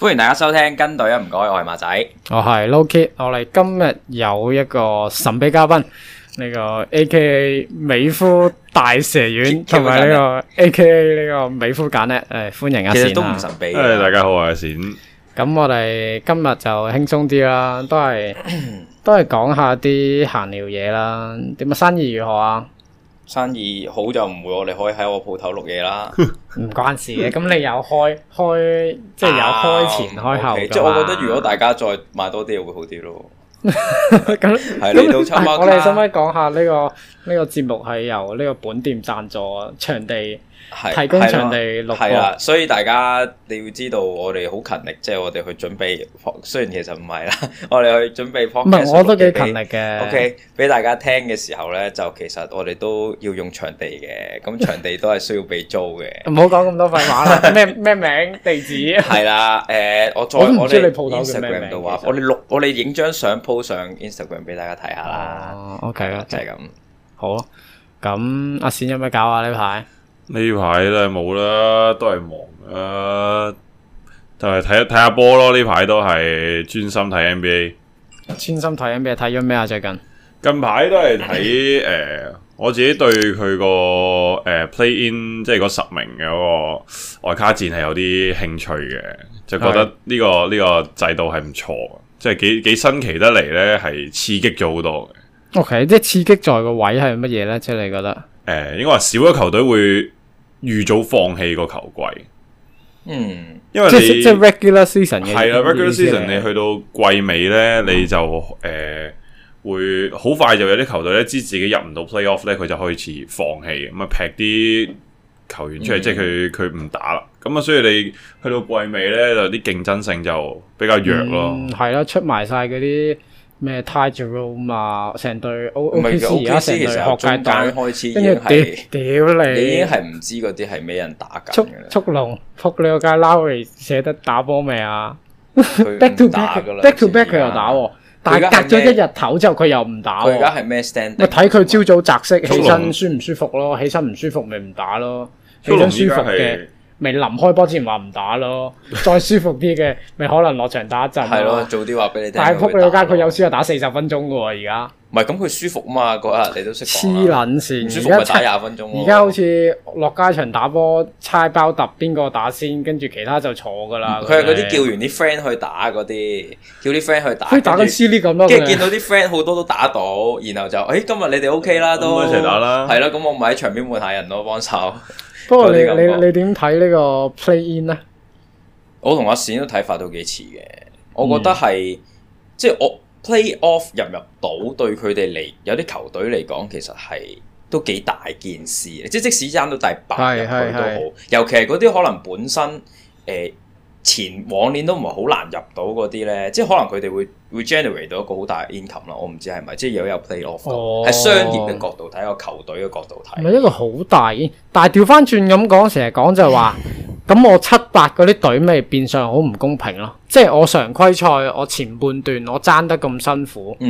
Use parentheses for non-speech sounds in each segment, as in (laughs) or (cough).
歡迎大家收聽跟隊呀唔該，我係馬仔，我係 Loki，我哋今日有一個神秘嘉賓，呢個 A K A 美孚大蛇丸，同埋呢個 A K A 呢個美孚 KG 呢，誒，歡迎阿冼，都唔神秘，誒，大家好啊，冼，咁我哋今日就輕鬆啲啦，都係。都係講下啲閒聊嘢啦，點啊生意如何啊？生意好就唔會，我哋可以喺我鋪頭錄嘢啦。唔 (laughs) 關事嘅，咁你有開開即係有開前開後，啊、okay, 即係我覺得如果大家再買多啲會好啲咯。咁，我哋可唔可以講下呢、呢個呢、呢個節目係由呢個本店贊助場，場地提供場地錄？係啊，所以大家你要知道，我哋好勤力，即、就、係、是、我哋去準備。雖然其實唔係啦， (laughs) 我哋去準備。唔係，我都幾勤力嘅。O K，俾大家聽嘅時候咧，就其實我哋都要用場地嘅，咁場地都係需要俾租嘅。唔好講咁多廢話啦，咩咩 (laughs) 名地址？係啦，誒、呃，我再我唔知也們你鋪頭叫咩名嘅話實，我哋錄我哋影張相。 (laughs) po 上 Instagram 俾大家睇下啦。OK 啦，就係咁。好，咁阿冼有咩搞啊？呢排呢排都係冇啦，都係忙啊。就係睇睇下波咯，呢排都係專心睇 NBA。專心睇 NBA 睇咗咩啊？最近近排都係睇誒，我自己對佢、嗰個誒、呃、play in 即係嗰十名嘅嗰個外卡戰係有啲興趣嘅，就覺得呢、呢個呢是個制度係唔錯。即係幾幾新奇得嚟咧，係刺激咗好多嘅。O、okay, K，即係刺激在個位係乜嘢咧？即係你覺得？誒、呃，應該話嗯、因為少咗球隊會預早放棄個球季。嗯，因為你即係 regular season，係啦 regular season，你去到季尾咧，嗯、你就誒、呃、會好快就有啲球隊咧知自己入唔到 playoff 咧，佢就開始放棄，咁啊劈啲。球員出嚟，即係佢佢唔打啦，咁啊，所以你去到季尾咧，就啲競爭性就比較弱咯。係啦，出埋晒嗰啲咩 Ty Jerome，成隊 O O K C，而家成隊學界跟住屌屌你，你已經係唔知嗰啲係咩人打緊嘅。速速龍扑你個街 Lowry 捨得打波未啊？back to back，back to back 佢又打，但係隔咗一日頭之後佢又唔打。佢而家係咩 stand？你睇佢朝早擇色起身舒唔舒服咯？起身唔舒服咪唔打咯。起咗舒服嘅，咪臨開波之前話唔打咯，再舒服啲嘅，咪可能落場打一陣。係咯，早啲話俾你聽。大曲傅家佢有輸就打四十分鐘噶喎，而家。唔係咁佢舒服啊嘛，嗰日你都識。黐捻線，舒服咪打廿分鐘。而家好似落街場打波，猜包揼邊個打先，跟住其他就坐噶啦。佢係嗰啲叫完啲 friend 去打嗰啲，叫啲 friend 去打。佢打緊黐啲咁咯。跟住見到啲 friend 好多都打到，然後就誒今日你哋 OK 啦都。唔該，一齊打啦。係啦，咁我咪喺場邊換下人咯，幫手。不過你你你點睇呢個 play in 呢？我同阿冼都睇法都幾似嘅，我覺得係、嗯、即係我 play off 入入到對佢哋嚟有啲球隊嚟講，其實係都幾大件事。即即使爭到第八入去都好，是是是尤其係嗰啲可能本身誒、呃、前往年都唔係好難入到嗰啲呢，即係可能佢哋會。會 generate 到一個好大嘅 income 啦，我唔知係咪，即係有有 playoff 喺、oh，商業嘅角度睇，個球隊嘅角度睇，係一個好大。但係調翻轉咁講，成日講就係、是、話，咁 (laughs) 我七八嗰啲隊咪變相好唔公平咯。即係我常規賽，我前半段我爭得咁辛苦，咁、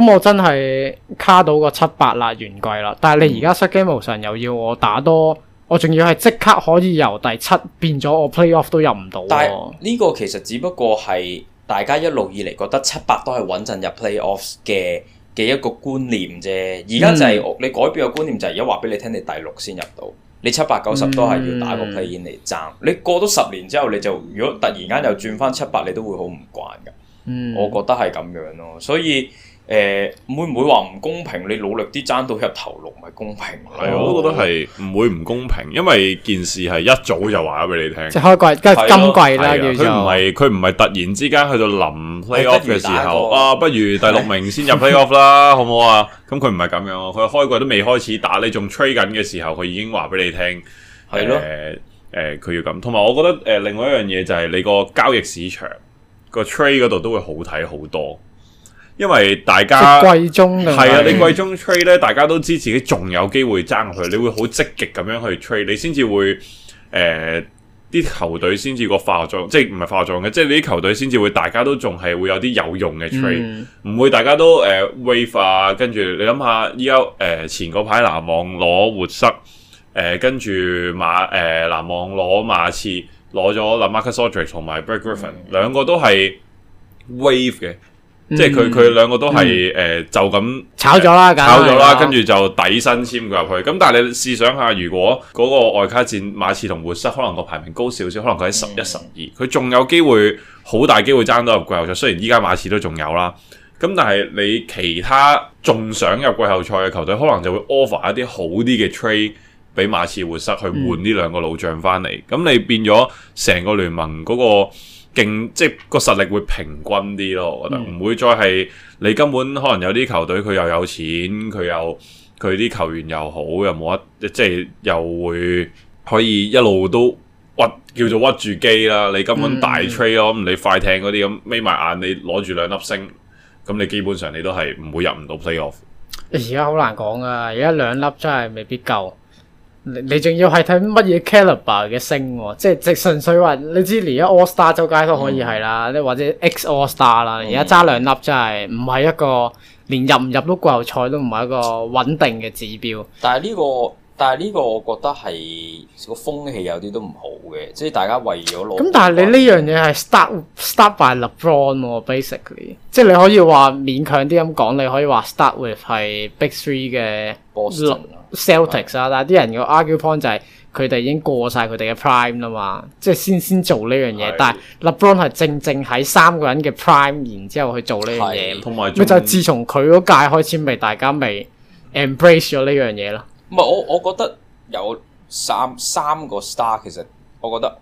mm. 我真係卡到個七八啦，完季啦。但係你而家失驚無神又要我打多，我仲要係即刻可以由第七，變咗我 playoff 都入唔到。但係呢個其實只不過係。大家一路以嚟覺得七八都係穩陣入 playoffs 嘅嘅一個觀念啫，而家就係、是嗯、你改變嘅觀念就係而家話俾你聽，你第六先入到，你七八九十都係要打個 play-in 嚟爭。你過咗十年之後，你就如果突然間又轉翻七八，你都會好唔慣㗎。嗯、我覺得係咁樣咯，所以。誒、欸，會唔會話唔公平？你努力啲爭到入頭六咪公平？係我都覺得係唔會唔公平，因為件事係一早就話俾你聽。即係開季今季啦，叫對做佢唔係佢唔係突然之間去到臨 playoff 嘅時候、哎、啊，不如第六名先入 playoff 啦， (laughs) 好唔好啊？咁佢唔係咁樣咯，佢開季都未開始打，你仲 trade 緊嘅時候，佢已經話俾你聽，係咯了，誒佢、呃呃、要咁。同埋我覺得誒、呃，另外一樣嘢就係你個交易市場個 trade 嗰度都會好睇好多。因為大家貴中係啊，你貴中 trade 咧，大家都知自己仲有機會爭佢，你會好積極咁樣去 trade，你先至會誒啲、呃、球隊先至個化學作用，即係唔係化學作用嘅，即你啲球隊先至會大家都仲係會有啲有用嘅 trade，唔會大家都誒 wave 啊，跟住你諗下依家誒前嗰排籃網攞活塞誒、呃，跟住馬誒籃、呃、網攞馬刺攞咗 LaMarcus Aldridge 同埋 Blake Griffin 兩個都係 wave 嘅。即係佢佢兩個都係誒、嗯呃、就咁炒咗啦，炒咗啦，跟住就底薪簽佢入去。咁、嗯、但係你試想下，如果嗰個外卡戰馬刺同活塞可能個排名高少少，可能佢喺十一、十二，佢仲有機會好大機會爭到入季後賽。雖然依家馬刺都仲有啦，咁但係你其他仲想入季後賽嘅球隊，可能就會 offer 一啲好啲嘅 trade 俾馬刺、活塞去換呢兩個老將翻嚟。咁、嗯、你變咗成個聯盟嗰、那個。勁即係個實力會平均啲咯，我覺得唔、嗯、會再係你根本可能有啲球隊佢又有錢，佢又，佢啲球員又好，又冇一即係又會可以一路都屈叫做屈住機啦。你根本大 trade 咯，咁你快艇嗰啲咁眯埋眼，你攞住兩粒星，咁你基本上你都係唔會入唔到 playoff。而家好難講啊！而家兩粒真係未必夠。你仲要係睇乜嘢 calibre 嘅星喎？即係直係純粹話，你知而家 all star 周街都可以係啦，嗯、或者 X all star 啦。而家揸兩粒真係唔係一個，連入唔入到季後賽都唔係一個穩定嘅指標。但係呢、呢個，但係呢個，我覺得係個風氣有啲都唔好嘅，即係大家為咗攞、嗯。咁但係你呢樣嘢係 start start by LeBron 喎，basically，即係你可以話勉強啲咁講，你可以話 start with 係 Big Three 嘅。Celtics 啊，Celtics，但係啲人嘅 argue point 就係佢哋已經過晒佢哋嘅 prime 啦嘛，即係先先做呢樣嘢。是但係 LeBron 係正正喺三個人嘅 prime，然之後去做呢樣嘢。係，同埋就自從佢嗰屆開始，咪大家咪 embrace 咗呢樣嘢咯。唔係我，我覺得有三三個 star，其實我覺得。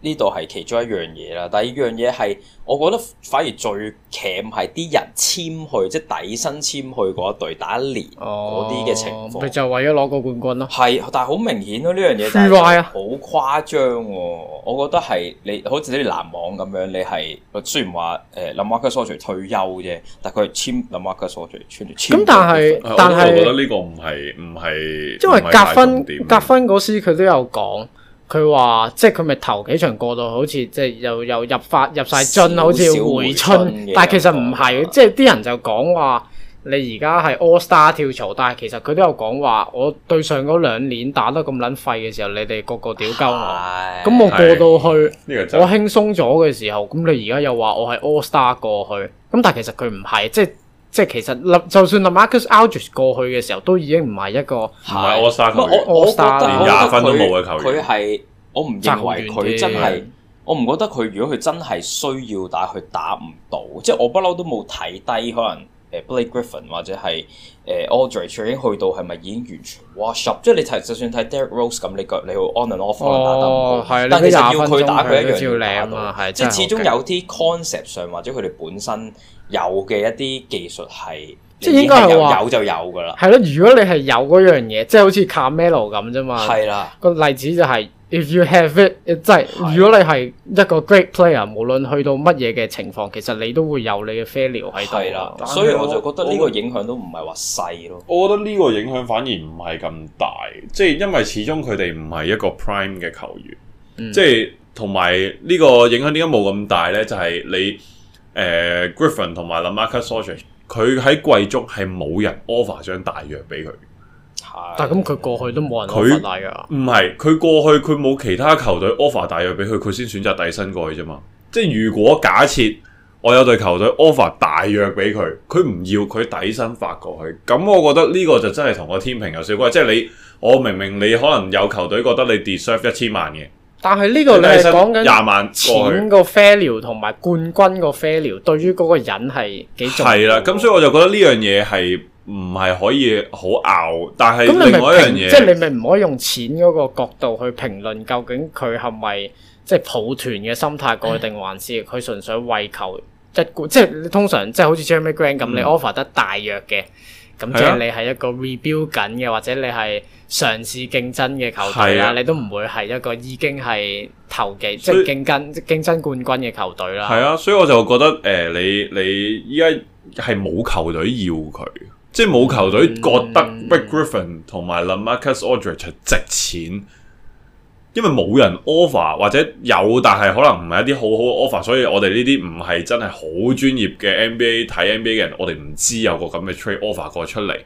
呢度係其中一樣嘢啦，第二樣嘢係，我覺得反而最鉸係啲人簽去，即係底薪簽去嗰一隊打一年嗰啲嘅情況，咪、哦、就為咗攞個冠軍咯。係，但係好明顯咯，啊，呢樣嘢係好誇張喎。我覺得係，你好似啲籃網咁樣，你係雖然話誒林馬克蘇瑞退休啫，但佢係簽林馬克蘇出嚟簽咁，但係但係，我覺得呢個唔係唔係，因為格芬格芬嗰時佢都有講。佢話：即係佢咪頭幾場過到好似即係又又入法入晒進，好似要回春。回春，但係其實唔係，是的 即係啲人就講話你而家係 All Star 跳槽，但係其實佢都有講話我對上嗰兩年打得咁撚廢嘅時候，你哋個個屌鳩我。咁的我過到去，的我輕鬆咗嘅時候，咁你而家又話我係 All Star 過去。咁但係其實佢唔係，即係。即係其實，就就算 Marcus Aldridge 過去嘅時候，都已經唔係一個唔係是我殺佢，我覺得連廿分都冇嘅球員。佢係我唔認為佢真係，我唔的覺得佢如果佢真係需要打，佢打唔到。即係我不嬲都冇睇低可能誒 Blake Griffin 或者係。誒 Audrey 已經去到係咪已經完全 wash up？即係你睇，就算睇 Derrick Rose 咁，你個你去 on and off 啦，打得唔好。哦，係，你其實就要佢打佢一樣嘢啊嘛，係，即係始終有啲 concept 上或者佢哋本身有嘅一啲技術係，即係應該係話有就有㗎啦。係咯，如果你係有嗰樣嘢，即係好似 Carmelo 咁啫嘛。係啦的，個例子就係、是。If you have it，即係、啊、如果你係一個 great player，無論去到乜嘢嘅情況，其實你都會有你嘅 failure 喺度啦。所以、啊、我就覺得呢個影響我都唔係話細咯。我覺得呢個影響反而唔係咁大，即係因為始終佢哋唔係一個 prime 嘅球員。嗯、即係同埋呢個影響點解冇咁大呢？就係、是、你誒、呃、Griffin 同埋 Lamarcus Aldridge 佢喺貴族係冇人 offer 張大約俾佢。但係咁，佢過去都冇人佢唔係佢過去佢冇其他球隊 offer 大約俾佢，佢先選擇底薪過去啫嘛。即係如果假設我有隊球隊 offer 大約俾佢，佢唔要佢底薪發過去，咁我覺得呢個就真係同個天平有少少，即係你我明明你可能有球隊覺得你 deserve 一千萬嘅，但係呢個你係講緊廿萬錢個 fail 同埋冠軍個 fail，對於嗰個人係幾重要？係啦，咁所以我就覺得呢樣嘢係。唔係可以好拗，但係另外一樣嘢，即係你咪唔可以用錢嗰個角度去評論究竟佢係咪即係抱團嘅心態過定，嗯、還是佢純粹為求一即係通常即係好似 Jerami Grant 咁，嗯、你 offer 得大約嘅，咁即係你係一個 rebuild 緊嘅，或者你係嘗試競爭嘅球隊啦，啊、你都唔會係一個已經係投機，以即係競爭競爭冠，冠軍嘅球隊啦。係啊，所以我就覺得誒、呃，你你依家係冇球隊要佢。即係冇球隊覺得 Blake Griffin 同埋 LaMarcus Aldridge 值錢，因為冇人 offer 或者有，但係可能唔係一啲好好嘅 offer，所以我哋呢啲唔係真係好專業嘅 NBA 睇 NBA 嘅人，我哋唔知有個咁嘅 trade offer 過出嚟。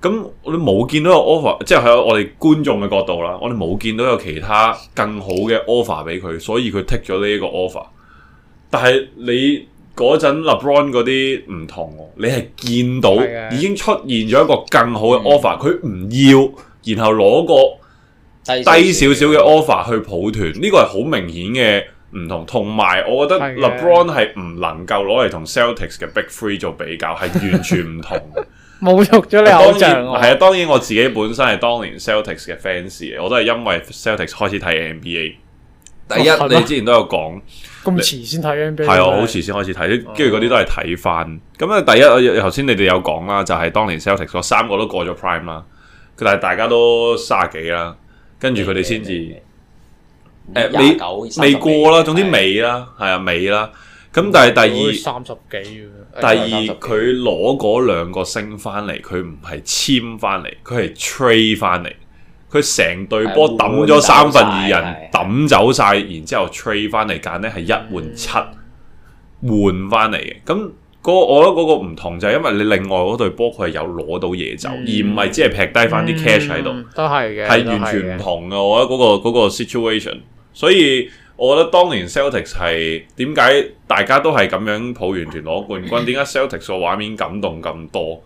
咁我哋冇見到個 offer，即係喺我哋觀眾嘅角度啦，我哋冇見到有其他更好嘅 offer 俾佢，所以佢剔咗呢一個 offer。但係你。嗰陣 LeBron 嗰啲唔同、哦，你係見到已經出現咗一個更好嘅 offer，佢唔要，然後攞個低少少嘅 offer 去抱團，呢、哦呢個係好明顯嘅唔同。同埋我覺得 LeBron 係唔能夠攞嚟同 Celtics 嘅 Big Three 做比較，係完全唔同。侮辱咗你偶像，係啊！當然我自己本身係當年 Celtics 嘅 fans，我都係因為 Celtics 開始睇 NBA。第一，哦、你之前都有講。咁遲先睇 NBA，係啊，好遲先開始睇，跟住嗰啲都係睇翻。咁啊，第一，頭先你哋有講啦，就係當年 Celtics 三個都過咗 Prime 啦，佢但係大家都卅幾啦，跟住佢哋先至。誒，未未過啦，總之尾啦，係啊，尾啦。咁但係第二三十幾，第二佢攞嗰兩個星翻嚟，佢唔係簽翻嚟，佢係 trade 翻嚟。佢成隊波抌咗三分二人抌走晒，然之後 trade 翻嚟揀呢係一換七換翻嚟嘅。咁個我覺得嗰個唔同就係因為你另外嗰隊波佢係有攞到嘢走，嗯、而唔係只係劈低翻啲 cash 喺度。都係嘅，係完全唔同嘅。我覺得嗰、嗰個嗰個 situation，所以我覺得當年 Celtics 係點解大家都係咁樣抱完團攞冠軍？點解、嗯、Celtics 個畫面感動咁多？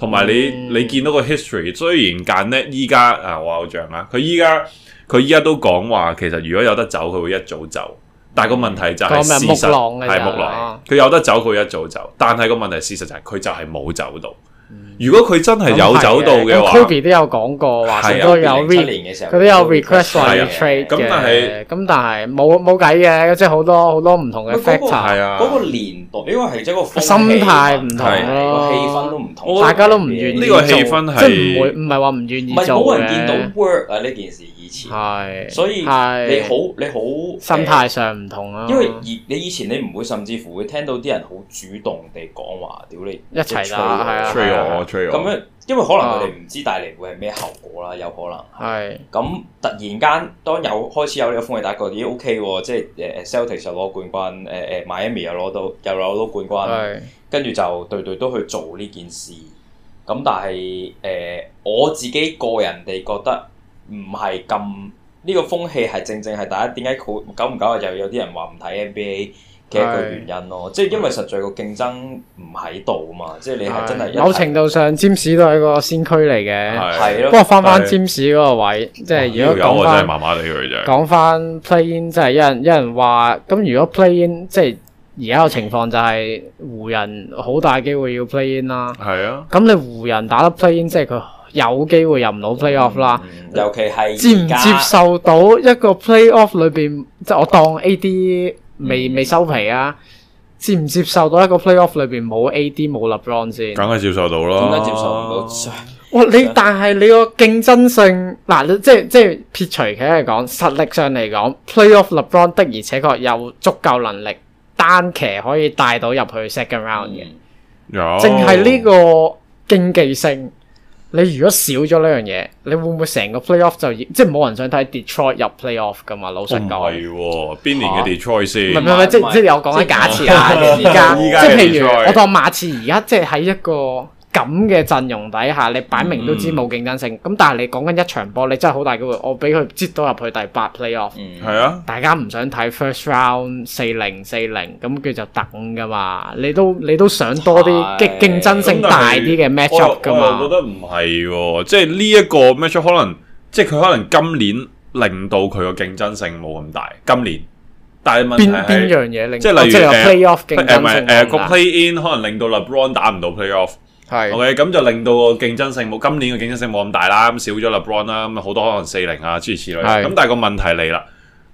同埋你、嗯、你見到個 history，雖然 Garnett 依家啊，我偶像啦，佢依家佢依家都講話，其實如果有得走，佢會一早走。但個問題就係事實係木狼，狼，佢是有得走，佢一早走，但係個問題事實就係、是、佢就係冇走到。嗯。如果佢真係有走到嘅話，Kobe 都有講過，話好多有 request 佢都有 request，有 trade 嘅。咁但係冇冇計嘅，即係好多好多唔同嘅 factor。係啊，嗰個年代，因為係即係個心態唔同咯，氣氛都唔同，大家都唔願意做，即係唔會唔係話唔願意做咧。冇人見到 work 啊呢件事以前，所以你好你好心態上唔同啊。因為你以前你唔會甚至乎會聽到啲人好主動地講話，屌你一齊啦，係啊。咁樣，因為可能佢哋唔知帶嚟會係咩後果啦，啊、有可能。係是。咁突然間，當有開始有呢個風氣，大家覺得咦 O K 喎，即係誒誒，Celtics 就攞冠軍，誒、eh, 誒，Miami 又攞到，又攞到冠軍。跟住是就對對都去做呢件事。咁但係誒、呃，我自己個人哋覺得唔係咁，呢、這個風氣係正正係大家點解好久唔久啊？又有啲人話唔睇 NBA。嘅一個原因咯，即係因為實在個競爭唔喺度嘛，即係你係真係某程度上，占士都係個先驅嚟嘅，係咯。不過翻翻占士嗰個位，即係如果講翻，麻麻地佢就講翻 Play In，即係有人一人話。咁如果 Play In，即係而家個情況就係湖人好大機會要 Play In 啦。係啊。咁你湖人打得 Play In，即係佢有機會入唔到 Play Off 啦。尤其係接唔接受到一個 Play Off 裏邊，即係我當 A D。未未收皮啊！接唔接受到一個 playoff 裏邊冇 AD 冇 LeBron 先？梗係接受到咯，點解接受唔到？哇！你但係你個競爭性嗱，即係即係撇除其他嚟講，實力上嚟講，playoff LeBron 的而且確有足夠能力單騎可以帶到入去 second round 嘅，有。淨係呢個競技性。你如果少咗呢樣嘢，你會唔會成個 playoff 就即係冇人想睇 Detroit 入 playoff 噶嘛？老實講。唔係喎，邊、哦、年嘅 Detroit 先，啊？唔唔唔，是即是即係是即我講緊假設啦，而家即係譬如我當我馬刺而家即係喺一個。咁嘅陣容底下，你擺明都知冇競爭性。咁但係你講緊一場波，你真係好大機會，我俾佢擠到入去第八 playoff。係啊，大家唔想睇 first round 四零四零，咁佢就等噶嘛。你都你都想多啲競競爭性大啲嘅 matchup 噶嘛？我覺得唔係喎，即係呢一個 matchup 可能即係佢可能今年令到佢個競爭性冇咁大。今年，但係問邊邊樣嘢令即係例如 playoff 競爭性大？誒個 play in 可能令到 LeBron 打唔到 playoff。係是，OK，咁就令到個競爭性冇今年嘅競爭性冇咁大啦，咁少咗 LeBron 啦，咁好多可能四零啊諸如此類，咁是但係個問題嚟啦，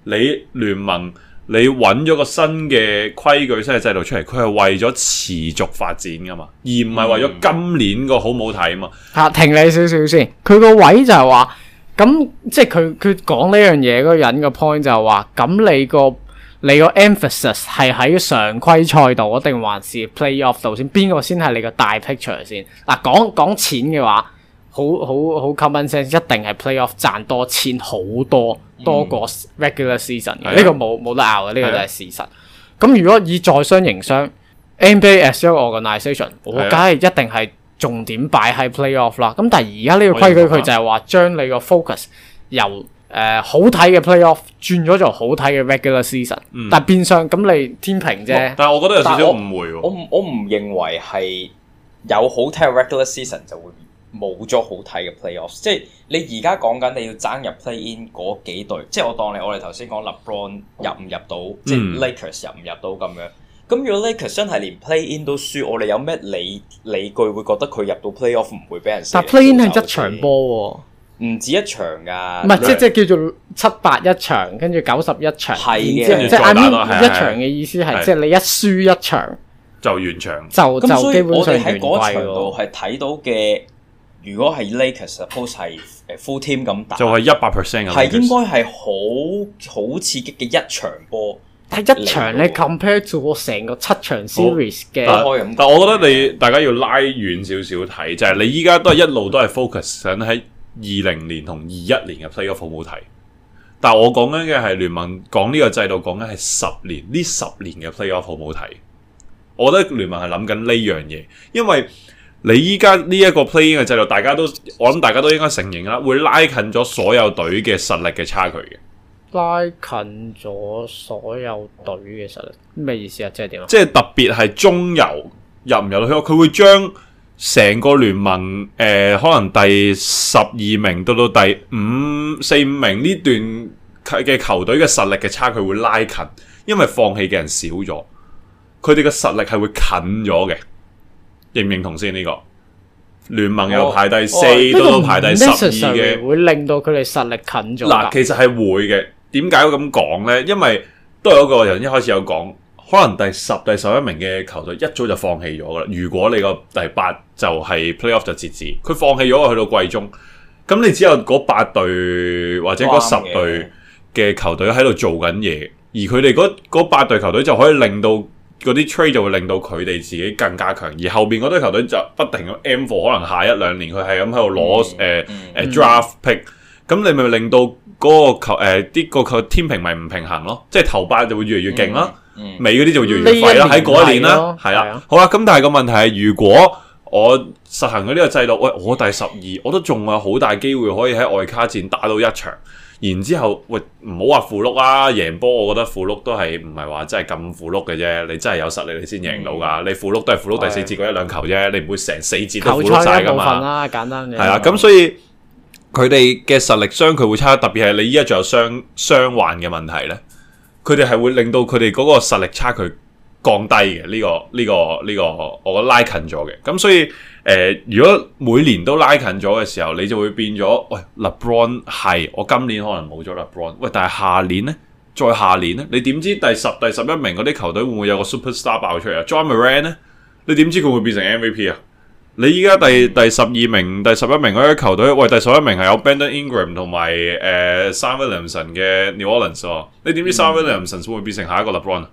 你聯盟你揾咗個新嘅規矩、新嘅制度出嚟，佢係為咗持續發展噶嘛，而唔係為咗今年個好唔好睇啊嘛。係、嗯啊，停你少少先，佢個位就係話，咁即係佢佢講呢樣嘢嗰個人嘅 point 就係話，咁你個。你個 emphasis 係喺常規賽度，定還是 playoff 度先，先？邊個先係你個大 picture 先？嗱，講講錢嘅話，好好好 common sense，一定係 playoff 賺多錢好多、嗯、多過 regular season。呢、嗯、個冇冇得拗嘅，呢、嗯、個就係事實。咁、嗯、如果以在商營商、嗯、NBA as your organisation，、嗯、我梗係一定係重點擺喺 playoff 啦。咁、嗯、但係而家呢個規矩佢就係話將你個 focus 由。誒，uh, 好睇嘅 playoff 轉咗做好睇嘅 regular season，、嗯、但係變相咁你天平啫。但係我覺得有少少誤我會我。我我唔認為係有好睇嘅 regular season 就會冇咗好睇嘅 playoff。即係你而家講緊你要爭入 play in 嗰幾隊，即係我當你我哋頭先講 LeBron 入唔入到，嗯、即係 Lakers 入唔入到咁樣。咁如果 Lakers 真係連 play in 都輸，我哋有咩理理據會覺得佢入到 playoff 唔會俾人？但 play in 係一場波，啊。唔止一場㗎，唔係即即叫做七八一場，跟住九十一場，係嘅，即啱啱一場嘅意思係即你一輸一場就完場，就咁，所以我哋喺嗰場度係睇到嘅，如果係 Lakers post 係 full team 咁打，就係一百 percent 嘅，係應該係好好刺激嘅一場波。但一場咧，compare to 咗成個七場 series 嘅，但但係我覺得你大家要拉遠少少睇，就係你依家都係一路都係 focus 想喺。二零年同二一年嘅 playoff 好唔好睇，但係我講緊嘅係聯盟講呢個制度，講緊係十年呢十年嘅 playoff 好唔好睇。我覺得聯盟係諗緊呢樣嘢，因為你依家呢一個 play-in 嘅制度，大家都我諗大家都應該承認啦，會拉近咗所有隊嘅實力嘅差距嘅。拉近咗所有隊嘅實力，咩意思啊？即係點啊？即係特別係中游入唔入去，佢會將。成個聯盟誒、呃，可能第十二名到到第五四五名呢段嘅球隊嘅實力嘅差距會拉近，因為放棄嘅人少咗，佢哋嘅實力係會近咗嘅，認唔認同先呢、這個？聯盟又排第四、哦哦、都排第十二嘅，哦這個、會令到佢哋實力近咗。嗱，其實係會嘅，點解咁講呢？因為都有一個人一開始有講。可能第十、第十一名嘅球隊一早就放棄咗噶啦。如果你個第八就係 playoff 就截止，佢放棄咗去到季中。咁你只有嗰八隊或者嗰十隊嘅球隊喺度做緊嘢，而佢哋嗰八隊球隊就可以令到嗰啲 trade 就會令到佢哋自己更加強。而後邊嗰堆球隊就不停咁 aim for，可能下一兩年佢係咁喺度攞誒誒 draft pick、嗯。咁你咪令到嗰個球誒啲、呃嗰個個天平咪唔平衡咯？即係頭八就會越嚟越勁啦。嗯美嗰啲就越嚟越廢啦，喺嗰一年啦，係啦的，的好啦、啊。咁但係個問題係，如果我實行咗呢個制度，喂，我第十二，我都仲有好大機會可以喺外卡戰打到一場，然之後喂，唔好話負碌啦，贏波，我覺得負碌都係唔係話真係咁負碌嘅啫。你真係有實力你贏，嗯、你先贏到噶。你負碌都係負碌第四節嗰一兩球啫，的你唔會成四節都負晒噶嘛啦。簡單嘅係啊，咁所以佢哋嘅實力相距會差特別，特別係你依家仲有傷傷患嘅問題咧。佢哋係會令到佢哋嗰個實力差距降低嘅，呢個，呢個，呢個，我拉近咗嘅。咁所以誒、呃，如果每年都拉近咗嘅時候，你就會變咗。喂，LeBron 係我今年可能冇咗 LeBron，喂，但係下年咧，再下年咧，你點知第十、第十一名嗰啲球隊會唔會有個 superstar 爆出嚟？啊 John Moran 咧，你點知佢會變成 MVP 啊？你依家第第十二名、第十一名嗰啲球隊，喂，第十一名係有 Brandon Ingram 同埋誒、呃、Zion Williamson 嘅 New Orleans 喎、嗯。你點知 Zion Williamson 會變成下一個 LeBron？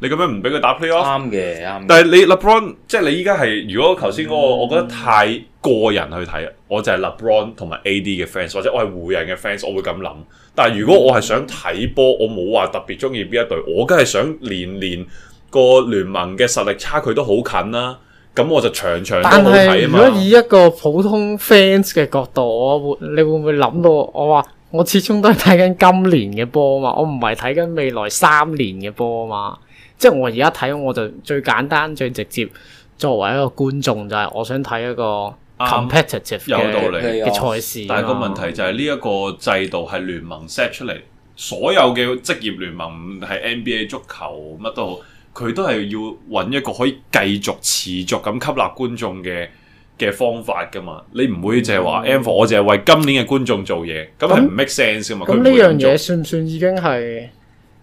你咁樣唔俾佢打 play 咯？啱嘅，啱。但係你 LeBron，即係你依家係，如果頭先嗰個，嗯、我覺得太個人去睇，我就係 LeBron 同埋 AD 嘅 fans，或者我係湖人嘅 fans，我會咁諗。但係如果我係想睇波，我冇話特別中意邊一隊，我梗係想年年個聯盟嘅實力差距都好近啦、啊。咁我就長長久睇啊嘛，但係如果以一個普通 fans 嘅角度，我會你會唔會諗到我話，我始終都係睇緊今年嘅波啊嘛，我唔係睇緊未來三年嘅波啊嘛，即係我而家睇，我就最簡單最直接，作為一個觀眾就係我想睇一個 competitive 有道理嘅賽事。但係個問題就係呢一個制度係聯盟 set 出嚟，所有嘅職業聯盟係 NBA、足球乜都好。佢都係要揾一個可以繼續持續咁吸納觀眾嘅嘅方法噶嘛？你唔會淨係話 NBA 我淨係為今年嘅觀眾做嘢，咁係唔 make sense 噶嘛？咁呢樣嘢算唔算已經係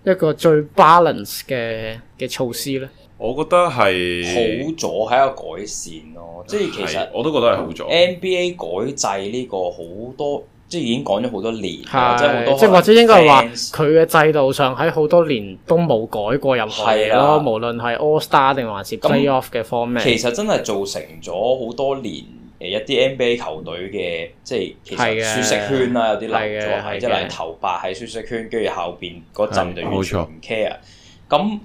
一個最 balance 嘅嘅措施咧？我覺得係好咗係一個改善咯，即係其實我都覺得係好咗。NBA 改制呢個好多。即係已經講咗好多年，即係好多，即或，或者應該話佢嘅制度上喺好多年都冇改過任何咯，的無論係 All Star 定還是 Play 那 Off 嘅 format。其實真係造成咗好多年誒一啲 NBA 球隊嘅即係其實舒適圈啦，有啲例動，即係例如頭八喺舒適圈，跟住後邊嗰陣就完全唔 care。咁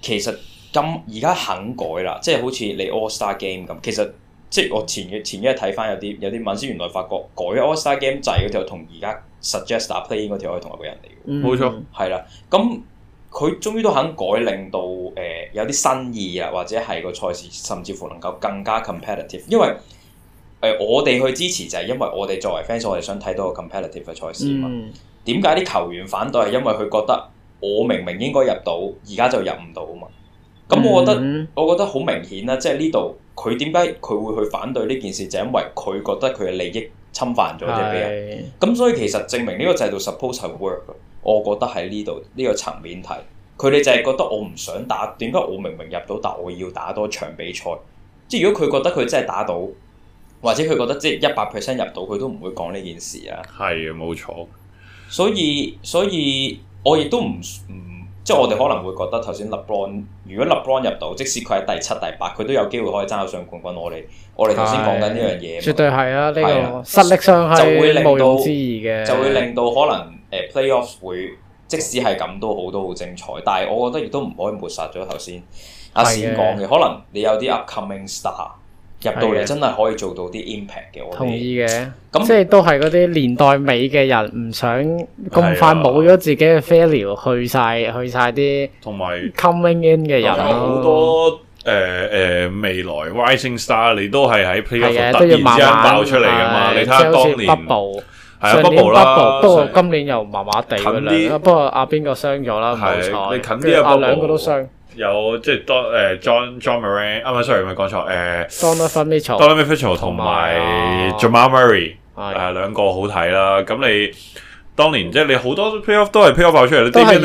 其實今而家肯改啦，即係好似你 All Star Game 咁，其實。即係我前嘅前一日睇翻有啲有啲文先，原來發覺改咗 All Star Game 制嗰條同而家 suggest u、er、play 嗰條可以同一個人嚟嘅，冇錯、嗯，係啦。咁佢終於都肯改，令到誒、呃、有啲新意啊，或者係個賽事甚至乎能夠更加 competitive。因為誒、呃、我哋去支持就係因為我哋作為 fans，我哋想睇到個 competitive 嘅賽事啊嘛。點解啲球員反對係因為佢覺得我明明應該入到，而家就入唔到啊嘛？咁我覺得、嗯、我覺得好明顯啦，即係呢度。佢點解佢會去反對呢件事？就因為佢覺得佢嘅利益侵犯咗啲人。咁的所以其實證明呢個制度 suppose 係 work。我覺得喺呢度呢個層面睇，佢哋就係覺得我唔想打。點解我明明入到，但我要打多場比賽？即如果佢覺得佢真係打到，或者佢覺得即一百 percent 入到，佢都唔會講呢件事啊。係啊，冇錯所。所以所以，我亦都唔。嗯即係我哋可能會覺得頭先 LeBron，如果 LeBron 入到，即使佢喺第七、第八，佢都有機會可以爭到上冠軍。我哋我哋頭先講緊呢樣嘢，絕對係啊，呢個實力上係無庸置疑嘅。就會令到，就會令到可能誒 Playoffs 會，即使係咁都好，都好精彩。但係我覺得亦都唔可以抹殺咗頭先阿冼講嘅，可能你有啲 upcoming star。入到嚟真係可以做到啲 impact 嘅，我同意嘅。咁即係都係嗰啲年代尾嘅人，唔想咁快冇咗自己嘅 failure，去晒去曬啲同埋 coming in 嘅人。好多誒誒未來 rising star，你都係喺 pre 一年之後爆出嚟㗎嘛？你睇下當年 bubble，係啊 bubble 啦，bubble。不過今年又麻麻地啦，不過阿邊個傷咗啦，冇彩。阿兩個都傷。有即係多誒 John John Murray 啱啱 sorry 咪講錯誒 Donovan Mitchell Donovan Mitchell 同埋 Jamal Murray 誒兩個好睇啦咁你當年即係你好多都係 playoff 出嚟都係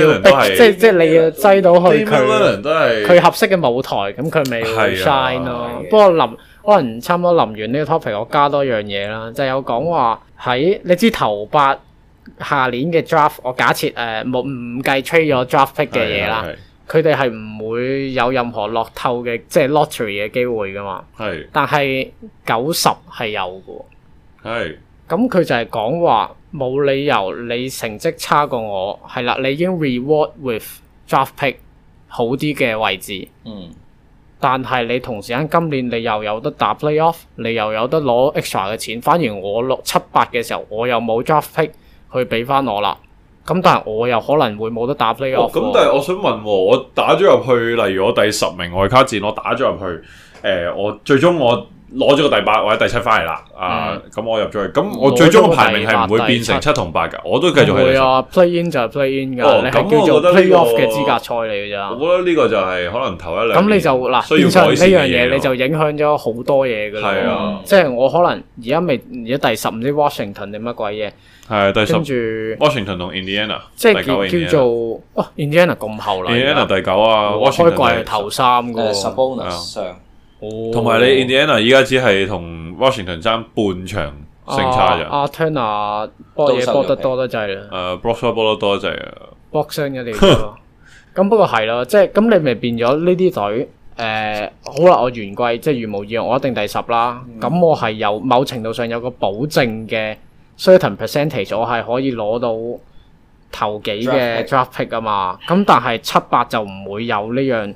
即係即係你要擠到佢都係佢合適嘅舞台咁佢未 shine 咯不過臨可能差唔多臨完呢個 topic 我加多樣嘢啦就有講話喺你知頭八下年嘅 draft 我假設誒冇唔計吹咗 draft pick 嘅嘢啦佢哋係唔會有任何落透嘅，即係 lottery 嘅機會噶嘛？係是的。但係九十係有嘅。係。咁佢就係講話冇理由你成績差過我，係啦，你已經 reward with draft pick 好啲嘅位置。嗯。但係你同時間今年你又有得打 playoff，你又有得攞 extra 嘅錢。反而我六七八嘅時候，我又冇 draft pick 去俾翻我啦。咁但係我又可能會冇得打呢個、哦。咁但係我想問，我打咗入去，例如我第十名外卡戰，我打咗入去，呃，我最終我，攞咗個第八或者第七翻嚟啦，啊，咁我入咗去，咁我最終嘅排名係唔會變成七同八噶？我都繼續係。唔會啊，play in 就係 play in 㗎，你係叫做 play off 嘅資格賽嚟㗎咋。我覺得呢個就係可能頭一兩需要改先嘅嘢。咁你就嗱，以呢樣嘢你就影響咗好多嘢㗎啦。係啊，即係我可能而家未而家第十唔知 Washington 定乜鬼嘢。係啊，第十跟住。Washington 同 Indiana。即係叫叫做哦，Indiana 咁後嚟。Indiana 第九啊，我開季係頭三個。同埋你 Indiana 依家只係同 Washington 爭半場勝差咋？阿 Turner 博嘢博得多得濟啦。誒，Brooklyn 博得多得濟啊。博上嘅地方。咁不過係咯，即係咁你咪變咗呢啲隊誒，好啦，我圓規即係如無意外，我一定第十啦。咁我係有某程度上有個保證嘅 certain percentage，我係可以攞到頭幾嘅 draft pick 啊嘛。咁但係七八就唔會有呢樣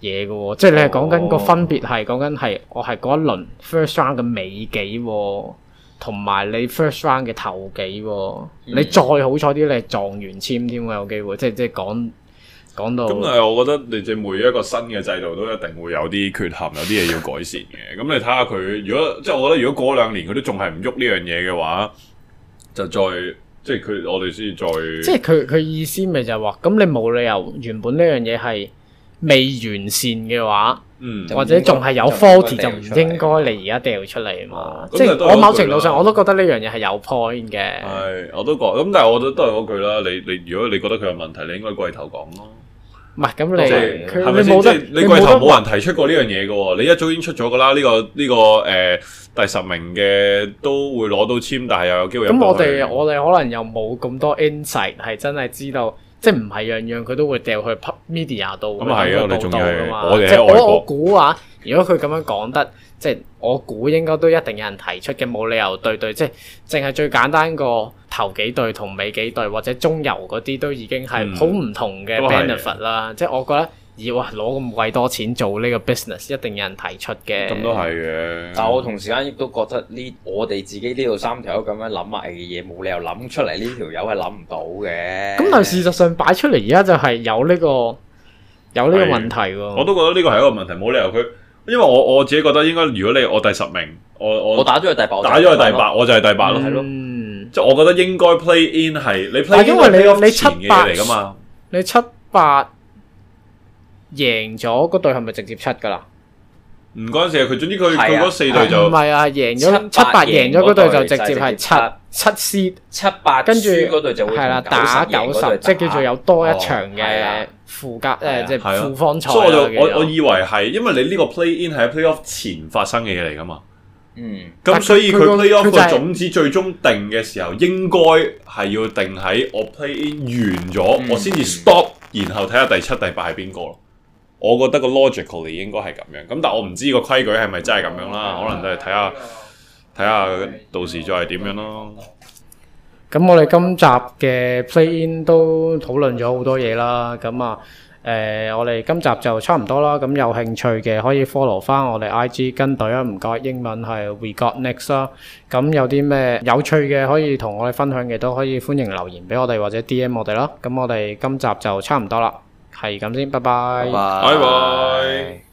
嘢嘅喎，即係你係講緊個分別係講緊，係我係嗰一輪 first round 嘅尾幾、喔，同埋你 first round 嘅頭幾、喔，嗯、你再好彩啲你係狀元簽添會有機會，即係即係講，講到咁啊！但我覺得你哋每一個新嘅制度都一定會有啲缺陷，有啲嘢要改善嘅。咁 (laughs) 你睇下佢，如果即係我覺得如果過兩年佢都仲係唔喐呢樣嘢嘅話，就再即係佢我哋先至再即係佢佢意思咪就係話，咁你冇理由原本呢樣嘢係。未完善嘅話，或者仲係有科技就唔應該你而家掉出嚟嘛？即係我某程度上我都覺得呢樣嘢係有 point 嘅。係，我都覺。咁但係我都都係嗰句啦。你你如果你覺得佢有問題，你應該貴頭講咯。唔係，咁你係咪先？即係你貴頭冇人提出過呢樣嘢噶？你一早已經出咗噶啦。呢個呢個誒第十名嘅都會攞到簽，但係又有機會入到去。咁我哋我哋可能又冇咁多 insight，係真係知道。即係唔係樣樣佢都會掉去 media 度咁係啊！你仲、嗯、要係，即係我估啊！如果佢咁樣講得，即係我估應該都一定有人提出嘅，冇理由對對，即係淨係最簡單個頭幾隊同尾幾隊，或者中游嗰啲都已經係好唔同嘅 benefit 啦、嗯。即係我覺得。要攞咁貴多錢做呢個 business，一定有人提出嘅。咁都係嘅。嗯、但我同時間亦都覺得呢，我哋自己呢度三條友咁樣諗埋嘅嘢，冇理由諗出嚟。呢條友係諗唔到嘅。咁但係事實上擺出嚟而家就係有呢、呢個有呢個問題喎。我都覺得呢個係一個問題，冇理由佢，因為我我自己覺得應該，如果你我第十名，我我，我打咗去第八，打咗去第八，第八我就係第八咯。即係、嗯係咯、我覺得應該 play in 係你因為你你七八嚟㗎嘛，你七八。贏咗嗰隊係咪直接七噶啦？唔關事啊！佢總之佢佢嗰四隊就唔係啊，贏咗七八贏咗嗰隊就直接係七七 C 七八跟住，輸嗰隊就係啦打九十，即係叫做有多一場嘅附加誒，即係附加賽。所以我我以為係，因為你呢個 play in 係喺 play off 前發生嘅嘢嚟噶嘛。嗯，咁所以佢 play off 個種子最終定嘅時候，應該係要定喺我 play in 完咗，我先至 stop，然後睇下第七第八係邊個。我覺得個 logically 應該係咁樣，咁但我唔知個規矩係咪真係咁樣啦，可能都係睇下睇下到時再係點樣咯。咁我哋今集嘅 play in 都討論咗好多嘢啦，咁啊誒，我哋今集就差唔多啦，咁有興趣嘅可以 follow 翻我哋 IG 跟隊呀，唔該英文係 we got next 啦。咁有啲咩有趣嘅可以同我哋分享嘅，都可以歡迎留言俾我哋或者 DM 我哋咯。咁我哋今集就差唔多啦。係咁先，拜拜。拜拜。